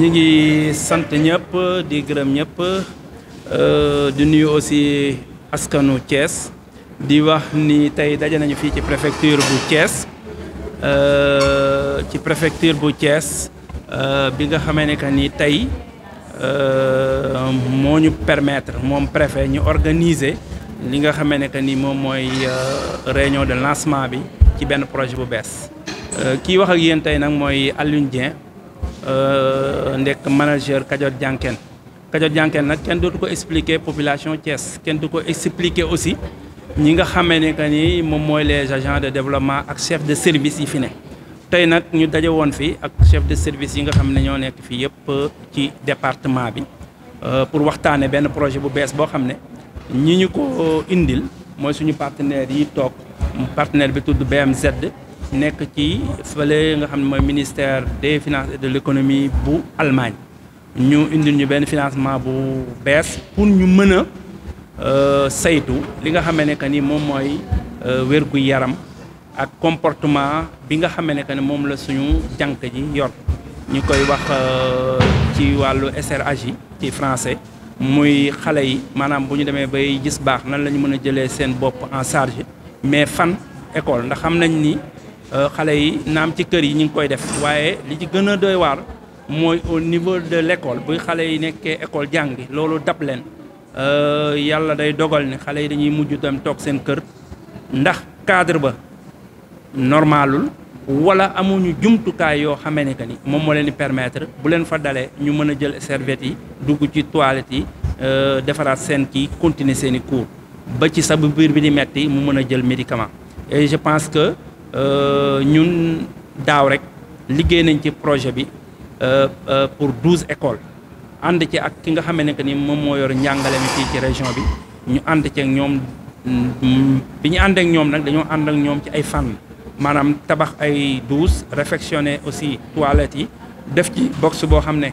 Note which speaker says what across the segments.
Speaker 1: ñi ngi sant ñëpp di gërëm ñëpp euh, di nuyu aussi askanu cees di wax ni tey daje nañu fii ci préfecture bu Thiès euh, ci préfecture bu Thiès euh, bi nga xamee ne que ni tey moo ñu permettre moom préfet ñu organiser li nga xamee ne ni moom mooy réunion de lancement bi ci benn projet bu bees kii wax ak yéen tey nag mooy Alioune Euh, nekk manager Kajoor Jànkeen Kajoor Jànkeen nag kenn dootu ko expliquer population Thiès kenn du ko expliquer aussi ñi nga xamee ne que ni moom mooy les agent de développement ak chef de service yi fi ne tey nag ñu daje woon fii ak chef de service yi nga xam ne ñoo nekk fii yëpp ci département bi euh, pour waxtaane benn projet bu bees boo xam ne ñi ñu ko indil mooy suñu partenaire yi toog partenaire bi tudd BMZ nekk ci fële nga xam ne mooy ministère des finances de l'économie bu Allemagne ñu indi ñu benn financement bu bees pour ñu mën a euh, saytu li nga xam ne que ni moom mooy euh, wérgu yaram ak comportement bi nga xam ne ni moom la suñu jànk ji yor ñu koy wax euh, ci wàllu SRAJ ci français muy xale yi maanaam bu ñu demee bay gis baax nan la ñu mën a jëlee seen bopp en charge mais fan école ndax xam nañ ni Euh, xale yi naam ci kër yi ñu ngi koy def waaye li ci gën a doy waar mooy au niveau de l' buy xale yi nekkee école jàngi loolu dab leen euh, yàlla day dogal ni xale yi dañuy mujj dem toog seen kër ndax cadre ba normalul wala amuñu jumtukaay yoo xamee ne que ni moom moo leen di permettre bu leen fa dalee ñu mën a jël serviette yi dugg ci toilette yi euh, defaraat seen ki continuer seen i cours ba ci sa biir bi di metti mu mën a jël médicament et je pense que Euh, ñun daaw rek liggéey nañ ci projet bi euh, euh, pour douze école ànd ci ak ki nga xamee ne ni moom moo yor njàngale mi fii ci région bi ñu ànd ceeg ñoom bi ñu ànd ñoom nag dañoo ànd ak ñoom ci ay fànn maanaam tabax ay douze réfectionner aussi toilettes yi def ci box boo xam ne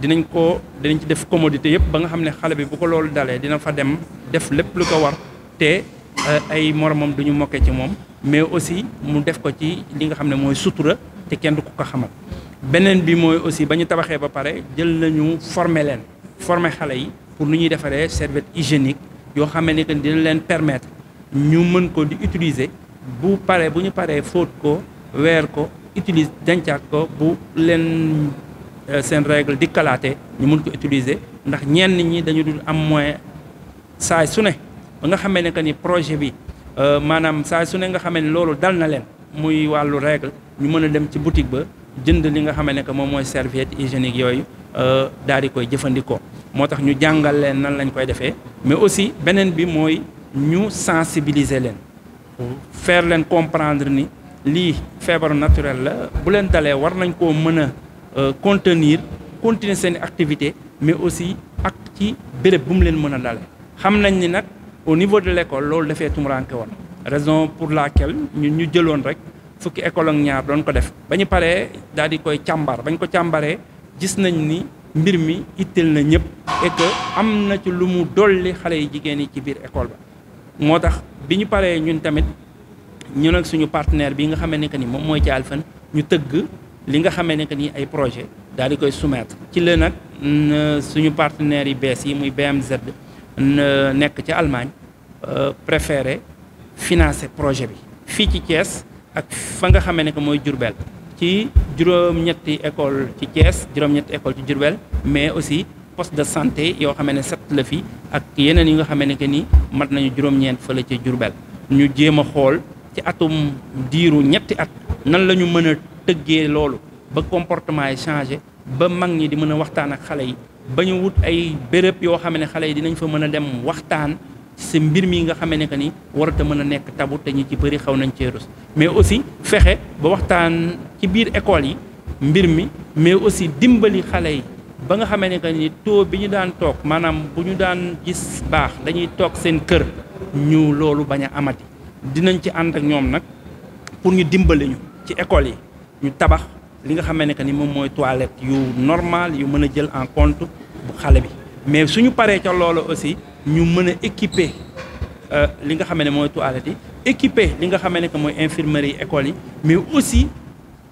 Speaker 1: dinañ ko dinañ ci def commodité yëpp ba nga xam ne xale bi bu ko loolu dalee dina fa dem def lépp lu ko war te Euh, ay moromam duñu mokkee ci moom mais aussi mu def ko ci li nga xam ne mooy sutura te kenn du ko ko xamal beneen bi mooy aussi ba ñu tabaxee ba pare jël nañu former leen former xale yi pour nu ñuy defaree servite hygiénique yoo xam ne que dina leen permettre ñu mën ko di utiliser bu paree bu ñu paree fóot ko weer ko utiliser dencaat ko bu leen euh, seen règle di kalaate ñu mën ko utiliser ndax ñenn ñi dañu dul am moyen saay su ne ba nga xamee ne que ni projet bi euh, maanaam saa su ne nga xamee ne loolu dal na leen muy wàllu règle ñu mën a dem ci boutique ba jënd li nga xamee ne que moom mooy serviette hygiénique yooyu euh, daal di koy jëfandikoo moo tax ñu jàngal leen nan lañ koy defee mais aussi beneen bi mooy ñu sensibiliser leen feer leen comprendre ni lii feebaru naturel la bu leen dalee war nañ koo mën a euh, contenir continuer seen activité mais aussi ak ci béréb bu mu leen mën a dalee xam nañ au niveau de l' loolu dafee tumuranke woon raison pour laquelle ñun ñu jëloon rek fukki école ak ñaar doon ko def ba ñu paree daal di koy càmbar ba ñu ko càmbaree gis nañ ni mbir mi itteel na ñëpp et am na ci lu mu dolli xale yi jigéen yi ci biir école ba moo tax bi ñu paree ñun tamit ñun ak suñu partenaire bi nga xamee ne que ni moom mooy ci Alfen ñu tëgg li nga xamee ne nii ay projet daal di koy soumettre ci la nag suñu partenaires yi bees yi muy BMZ nekk ci Allemagne Euh, préféré financer projet bi fii ci Thiès ak fa nga xamee ne mooy Diourbel ci juróom-ñetti école ci Thiès juróom-ñetti école ci Diourbel mais aussi poste de santé yoo xam ne set la fi ak yeneen yi nga xam ne ni mat nañu juróom-ñeent fële ci Diourbel ñu jéem a xool ci atum diiru ñetti at nan la ñu mën a tëggee loolu ba comportement yi changé ba mag ñi di mën a waxtaan ak xale yi ba ñu wut ay béréb yoo xam ne xale yi dinañ fa mën a dem waxtaan ci sa mbir mi nga xamee ne que ni warata mën a nekk tabu te ñu ci bëri xaw nañ cee rus mais aussi fexe ba waxtaan ci biir école yi mbir mi mais aussi dimbali xale yi ba nga xamee ne que ni taux bi ñu daan toog maanaam bu ñu daan gis baax dañuy toog seen kër ñu loolu bañ a amati dinañ ci ànd ak ñoom nag pour ñu dimbali ñu ci école yi ñu tabax li nga xamee ne ni moom mooy toilette yu normal yu mën a jël en compte bu xale bi mais suñu paree ca loolu aussi ñu mën a euh, équiper li nga xam ne mooy toilette yi équiper li nga xam ne que mooy infirmerie yi école yi mais aussi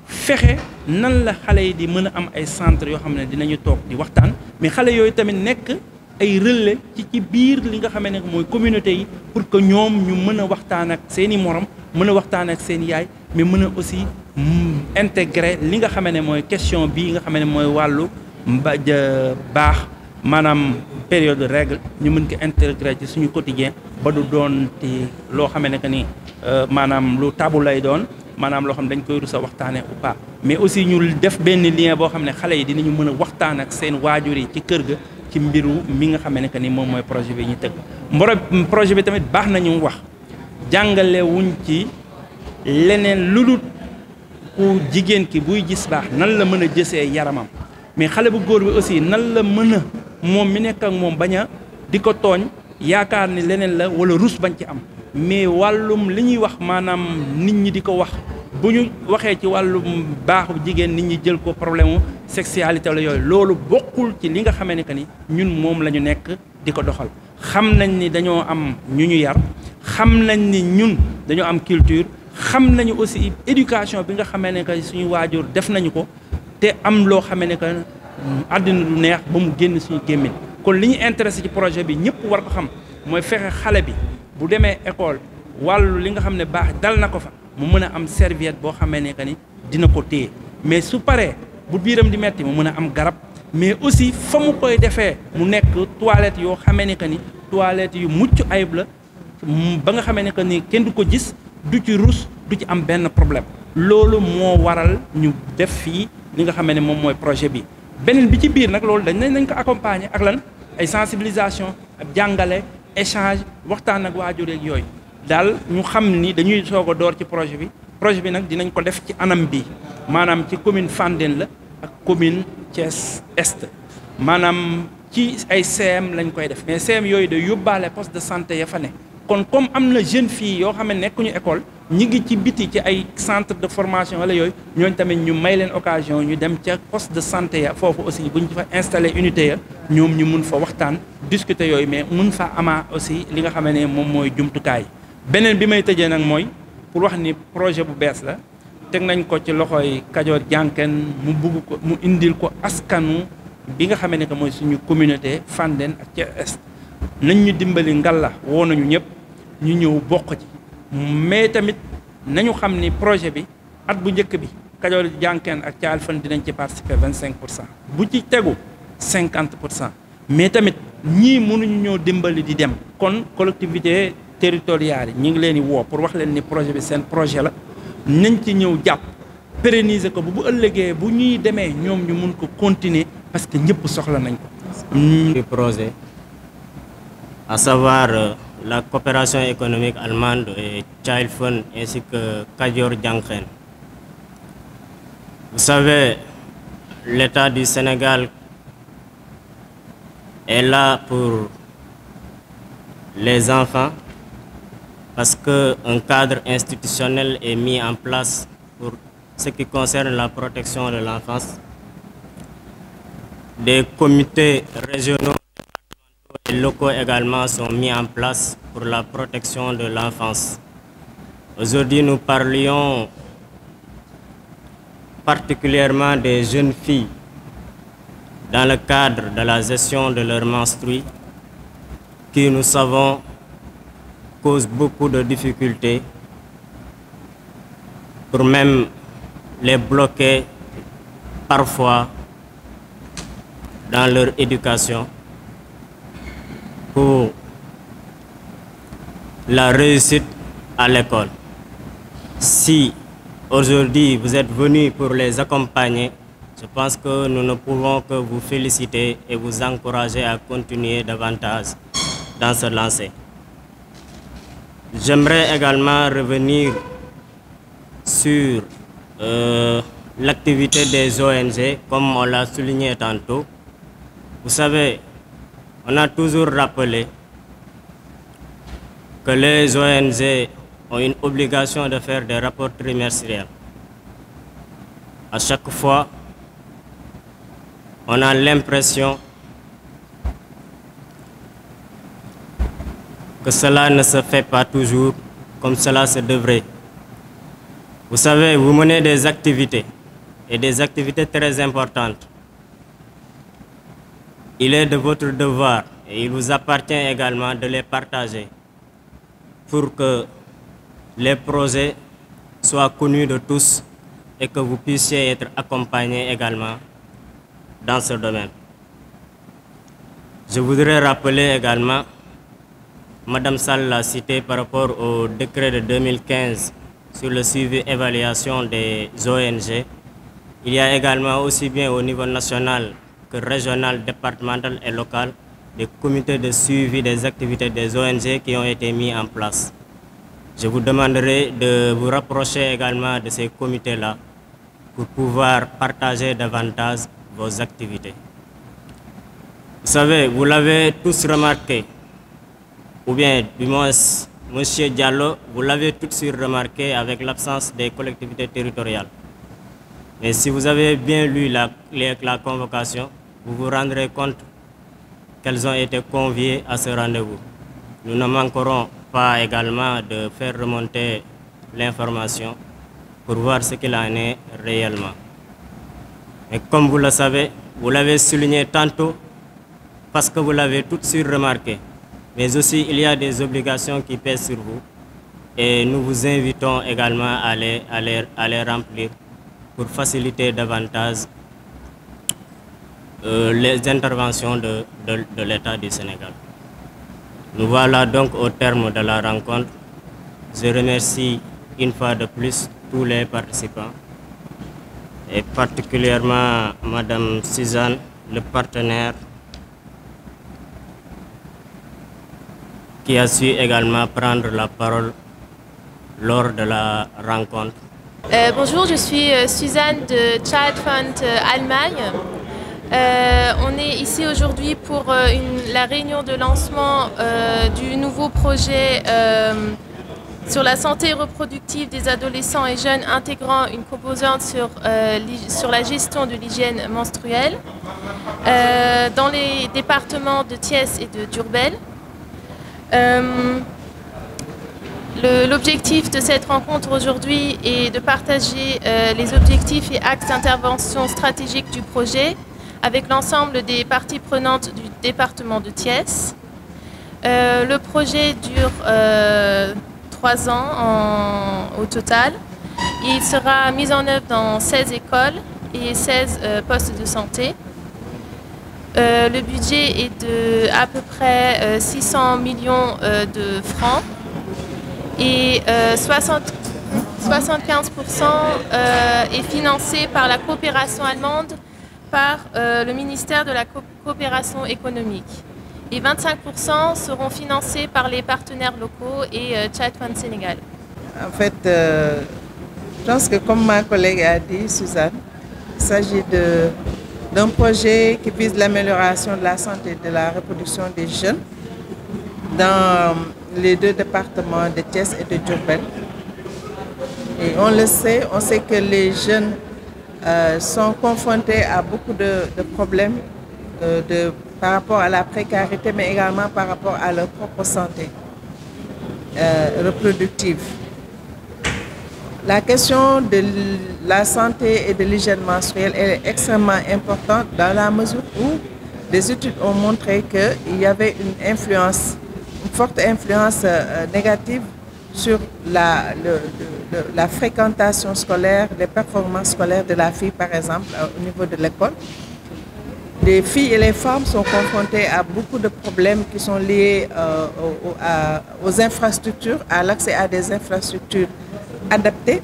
Speaker 1: fexe nan la xale yi di mën a am ay centre yoo xam ne dinañu toog di waxtaan mais xale yooyu tamit nekk ay relais ci ci biir li nga xam ne mooy communauté yi pour que ñoom ñu mën a waxtaan ak seen i morom mën a waxtaan ak seen yaay mais mën a aussi intégrer li nga xam ne mooy question bii nga xam ne mooy wàllu mba baax maanaam période règle ñu mën ko intégrer ci suñu quotidien ba du doon ti loo xamee ne que ni euh, maanaam lu tabu lay doon maanaam loo xam ne dañ koy rusa waxtaanee ou pas mais aussi ñu def benn lien boo xam ne xale yi dinañu mën a waxtaan ak seen waajur yi ci kër ga ci mbiru mi nga xamee ne nii moom mooy projet bi ñu tëgg mboro projet bi tamit baax na ñu wax jàngale ci leneen lu dul ku jigéen ki buy gis baax nan la mën a jësee yaramam mais xale bu góor bi aussi nan la mën a moom mi nekk ak moom bañ a di ko tooñ yaakaar ni leneen la wala rus bañ ci am mais wàllum li ñuy wax maanaam nit ñi di ko wax bu ñu waxee ci wàllum baaxu jigéen nit ñi jël ko problème mu sexualité la yooyu loolu bokkul ci li nga xamee ne ni ñun moom la ñu nekk di ko doxal xam nañ ni dañoo am ñu ñu yar xam nañ ni ñun dañoo am culture xam nañu aussi éducation bi nga xamee ne suñu waajur def nañu ko te am loo xamee ne àddina lu neex ba mu génn suñu gémmiñ kon li ñu intéressé ci projet bi ñëpp war ko xam mooy fexe xale bi bu demee école wàllu li nga xam ne baax dal na ko fa mu mën a am serviette boo xamee ne ni dina ko téye mais su paree bu biiram di metti mu mën a am garab mais aussi fa mu koy defee mu nekk toilette yoo xamee ne que ni toilette yu mucc ayib la ba nga xamee ne que ni kenn du ko gis du ci rus du ci am benn problème loolu moo waral ñu def fii li nga xamee ne moom mooy projet bi beneen bi ci biir nag loolu dañ nañ ko accompagner ak lan ay sensibilisation ak jàngale échange waxtaan ak waajur yeeg yooyu daal ñu xam ni dañuy soog a door ci projet bi projet bi nag dinañ ko def ci anam bi maanaam ci commune Fandène la ak commune Thiès Est maanaam ci ay CM lañ koy def mais CM yooyu day yóbbaale poste de santé ya fa ne kon comme am na jeune fii yoo xam ne nekkuñu école ñi ngi ci biti ci ay centre de formation wala yooyu ñooñ tamit ñu may leen occasion ñu dem ca poste de santé ya foofu aussi bu ñu fa installé unité ya ñoom ñu mun fa waxtaan discuter yooyu mais mun fa amaa aussi li nga xam ne moom mooy jumtukaay beneen bi may tëjee nag mooy pour wax ni projet bu bees la teg nañ ko ci loxoy Kajoor Jànken mu bugg ko mu indil ko askanu bi nga xam ne mooy suñu communauté Fandène ak Thiès ñu dimbali ngalla woo nañu ñëpp. ñu ñëw bokk ci mais tamit nañu xam ni projet bi at bu njëkk bi Kajoor Jànkeen ak Caal Fën dinañ ci participer vingt cinq pour cent bu ci tegu cinquante pour cent mais tamit ñii mënuñu ñëw dimbali di dem kon collectivité territoriales yi ñu ngi leen di woo pour wax leen ni projet bi seen projet la nañ ci ñëw jàpp pérenniser ko bu ëllëgee bu ñuy demee ñoom ñu mun ko continuer parce que ñëpp soxla nañ
Speaker 2: ko projet à savoir euh, la coopération économique allemande et Child Fund ainsi que Kadior Janken. Vous savez, l'État du Sénégal est là pour les enfants parce qu'un cadre institutionnel est mis en place pour ce qui concerne la protection de l'enfance. Des comités régionaux Les locaux également sont mis en place pour la protection de l'enfance. Aujourd'hui, nous parlions particulièrement des jeunes filles dans le cadre de la gestion de leur menstrues qui, nous savons, cause beaucoup de difficultés pour même les bloquer parfois dans leur éducation pour la réussite à l'école. Si aujourd'hui vous êtes venus pour les accompagner, je pense que nous ne pouvons que vous féliciter et vous encourager à continuer davantage dans ce lancer. J'aimerais également revenir sur euh, l'activité des ONG, comme on l'a souligné tantôt. Vous savez, on toujours rappelé que les ONG ont une obligation de faire des rapports trimestriels. À chaque fois, on a l'impression que cela ne se fait pas toujours comme cela se devrait. Vous savez, vous menez des activités, et des activités très importantes. Il est de votre devoir et il vous appartient également de les partager pour que les projets soient connus de tous et que vous puissiez être accompagnés également dans ce domaine. Je voudrais rappeler également, Madame Sall l'a cité par rapport au décret de 2015 sur le suivi évaluation des ONG. Il y a également aussi bien au niveau national que régional, départemental et local des comités de suivi des activités des ONG qui ont été mis en place. Je vous demanderai de vous rapprocher également de ces comités-là pour pouvoir partager davantage vos activités. Vous savez, vous l'avez tous remarqué, ou bien du moins, Monsieur Diallo, vous l'avez de suite remarqué avec l'absence des collectivités territoriales. Mais si vous avez bien lu la, les, la convocation, vous vous rendrez compte qu'elles ont été conviées à ce rendez-vous. Nous ne manquerons pas également de faire remonter l'information pour voir ce qu'il en réellement. comme vous le savez, vous l'avez souligné tantôt parce que vous l'avez tout de suite remarqué. Mais aussi, il y a des obligations qui pèsent sur vous et nous vous invitons également à les, à les remplir pour faciliter davantage euh, les interventions de, de, de l'État du Sénégal. Nous voilà donc au terme de la rencontre. Je remercie une fois de plus tous les participants et particulièrement Madame Suzanne, le partenaire qui a su également prendre la parole lors de la rencontre
Speaker 3: Euh, bonjour, je suis euh, Suzanne de Child Fund euh, Allemagne. Euh, on est ici aujourd'hui pour euh, une, la réunion de lancement du nouveau projet sur la santé reproductive des adolescents et jeunes intégrant une composante sur, euh, sur la gestion de l'hygiène menstruelle euh, dans les départements de Thiès et de Durbel. L'objectif de cette rencontre aujourd'hui est de partager euh, les objectifs et axes d'intervention stratégique du projet avec l'ensemble des parties prenantes du département de Thiès. Euh, le projet dure euh, trois ans au total. Il sera mis en œuvre dans 16 écoles et 16 euh, postes de santé. Euh, le budget est de à peu près 600 millions de francs. et 60, euh, 75% euh, est financé par la coopération par euh, le ministère de la coopération économique. Et 25% seront financés par les partenaires locaux et Tchad Fund Sénégal.
Speaker 4: En fait, euh, je que comme ma collègue a dit, Suzanne, il projet qui vise l'amélioration de la santé de la reproduction des jeunes les deux départements de Thiès et de Diourbel. on le sait, on sait que les jeunes euh, sont confrontés à beaucoup de, de problèmes euh, par rapport à la précarité, mais également par rapport à euh, La question de la santé et de l'hygiène menstruelle est extrêmement importante dans la mesure où des études ont montré qu'il y avait une influence forte influence euh, euh, négative sur la, le, le, la fréquentation scolaire, les performances scolaires de la fille, par exemple, euh, au niveau de l'école. Les filles et les femmes sont confrontées à beaucoup de problèmes qui sont liés euh, aux, à, aux infrastructures, à l'accès à des infrastructures adaptées.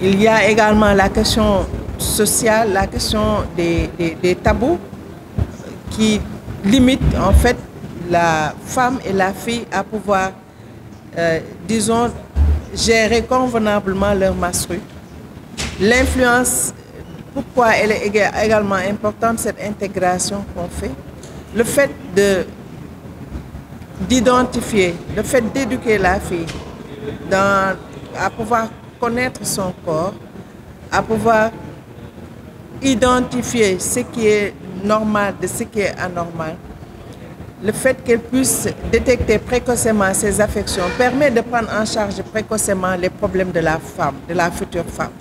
Speaker 4: Il y a également la question sociale, la question des, des, des tabous qui limite en fait la femme et la fille à pouvoir, euh, disons, gérer convenablement leur mastrue. L'influence, pourquoi elle est également importante, cette intégration qu'on fait, le fait de d'identifier, le fait d'éduquer la fille dans, à pouvoir connaître son corps, à pouvoir identifier ce qui est normale de ce qui est anormal, le fait qu'elle puisse détecter précocement ses affections permet de prendre en charge précocement les problèmes de la femme, de la future femme.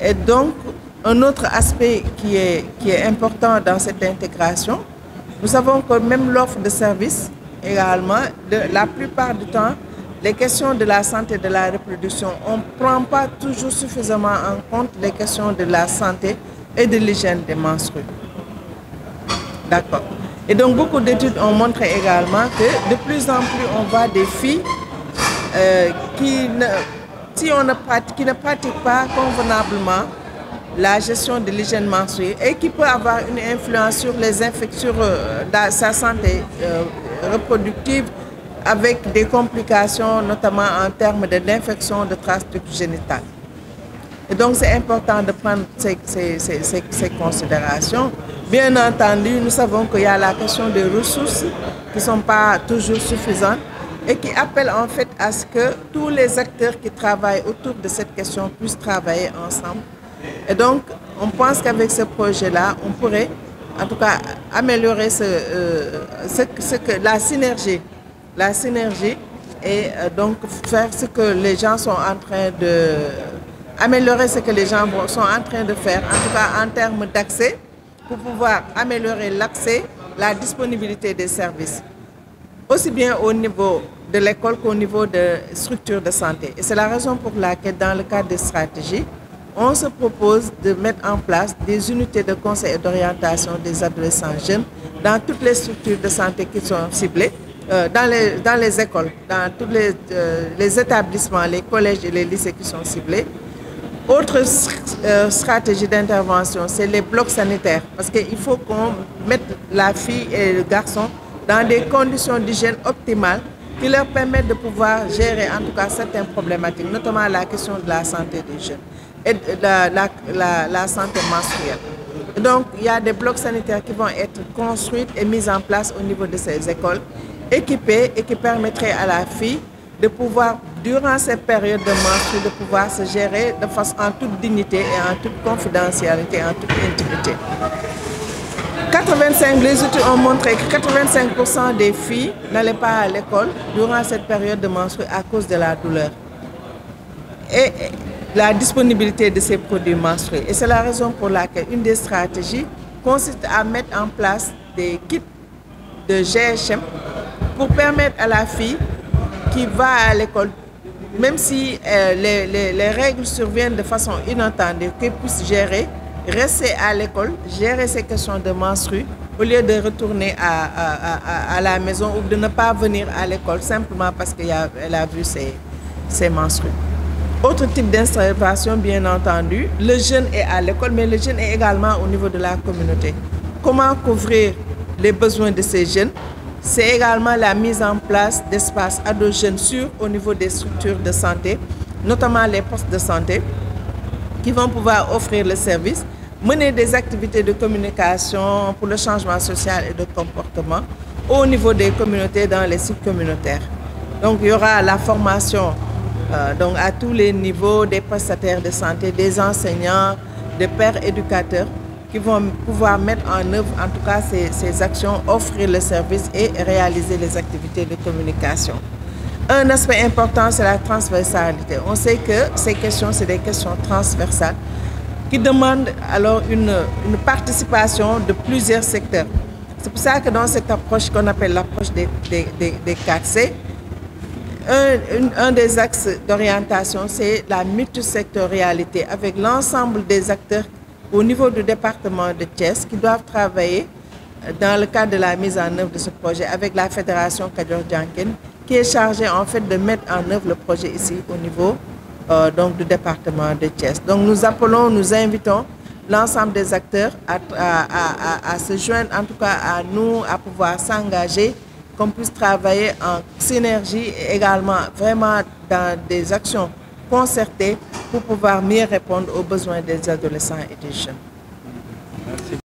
Speaker 4: Et donc, un autre aspect qui est, qui important dans cette intégration, nous savons que même l'offre de service également, de, la plupart du temps, les questions de la santé de la reproduction, on ne prend pas toujours suffisamment en compte les questions de la santé et de l'hygiène des menstrues. D'accord. Et donc beaucoup d'études ont montré également que de plus en plus on voit des filles euh, qui, ne, on ne pratique, qui pratiquent pas convenablement la gestion de l'hygiène menstruelle et qui peut avoir une influence sur les infections euh, de sa santé euh, avec des complications notamment en termes de l'infection de traces génitales. Et donc c'est important de prendre ces, ces, ces, ces considérations. Bien entendu, nous savons qu'il y a la question des ressources qui ne sont pas toujours suffisantes et qui appellent en fait à ce que tous les acteurs qui travaillent autour de cette question puissent travailler ensemble. Et donc, on pense qu'avec ce projet-là, on pourrait en tout cas améliorer ce, euh, ce, ce que, la synergie. La synergie et euh, donc faire ce que les gens sont en train de... améliorer ce que les gens sont en train de faire, en tout cas en termes d'accès pour pouvoir améliorer l'accès, la disponibilité des services, aussi bien au niveau de l'école qu'au niveau de structures de santé. Et c'est la raison pour laquelle, dans le cadre des stratégies, on se propose de mettre en place des unités de conseil et d'orientation des adolescents jeunes dans toutes les structures de santé qui sont ciblées, euh, dans, les, dans écoles, dans tous les, euh, les établissements, les collèges et les lycées qui sont ciblés, Autre euh, stratégie d'intervention, c'est les blocs sanitaires, parce qu'il faut qu'on mette la fille et le garçon dans des conditions d'hygiène optimales qui leur permettent de pouvoir gérer en tout cas certaines problématiques, notamment la question de la santé des jeunes et de la, la, la, la santé menstruelle. Donc, il y a des blocs sanitaires qui vont être construits et mis en place au niveau de ces écoles, équipés et qui permettraient à la fille de pouvoir durant cette période de marche, de pouvoir se en toute dignité et en toute confidentialité, en toute intimité. 85, les études des filles n'allaient pas à l'école durant cette de menstrues à de la douleur disponibilité de ces produits menstruels. Et la raison pour laquelle une des en place des kits de GHM pour permettre même si euh, les, les, les, règles surviennent de façon inattendue, qu'ils puissent gérer, rester à l'école, gérer ces questions de menstrues, au lieu de retourner à, à, à, à la maison ou de ne pas venir à l'école simplement parce qu'elle a, a vu ses, ses menstrues. Autre type d'intervention, bien entendu, le jeune est à l'école, mais le jeune est également au niveau de la communauté. Comment couvrir les besoins de ces jeunes C'est également la mise en place d'espaces ados jeunes sûrs au niveau des structures de santé, notamment les postes de santé, qui vont pouvoir offrir le service, mener des activités de communication pour le changement social et de comportement au niveau des communautés dans les sites communautaires. Donc il y aura la formation euh, donc à tous les niveaux des prestataires de santé, des enseignants, des pères éducateurs qui vont pouvoir mettre en œuvre en tout cas ces, actions, offrir le service et réaliser les activités de communication. Un aspect important, c'est la transversalité. On sait que ces questions, c'est des questions transversales qui demandent alors une, une participation de plusieurs secteurs. ça que dans cette approche qu'on appelle l'approche des, des, des, des 4C, un, un, un, des axes d'orientation, c'est la multisectorialité avec l'ensemble des acteurs au niveau du département de Thiès qui doivent travailler euh, dans le cadre de la mise en œuvre de ce projet avec la fédération Kadior Janken qui est chargée en fait de mettre en œuvre le projet ici au niveau euh, donc du département de Thiès. Donc nous appelons, nous invitons l'ensemble des acteurs à, à, à, à, se joindre, en tout cas à nous, à pouvoir s'engager, qu'on puisse travailler en synergie et également vraiment dans des actions concertée pour pouvoir mieux répondre aux besoins des adolescents et des
Speaker 2: jeunes. Merci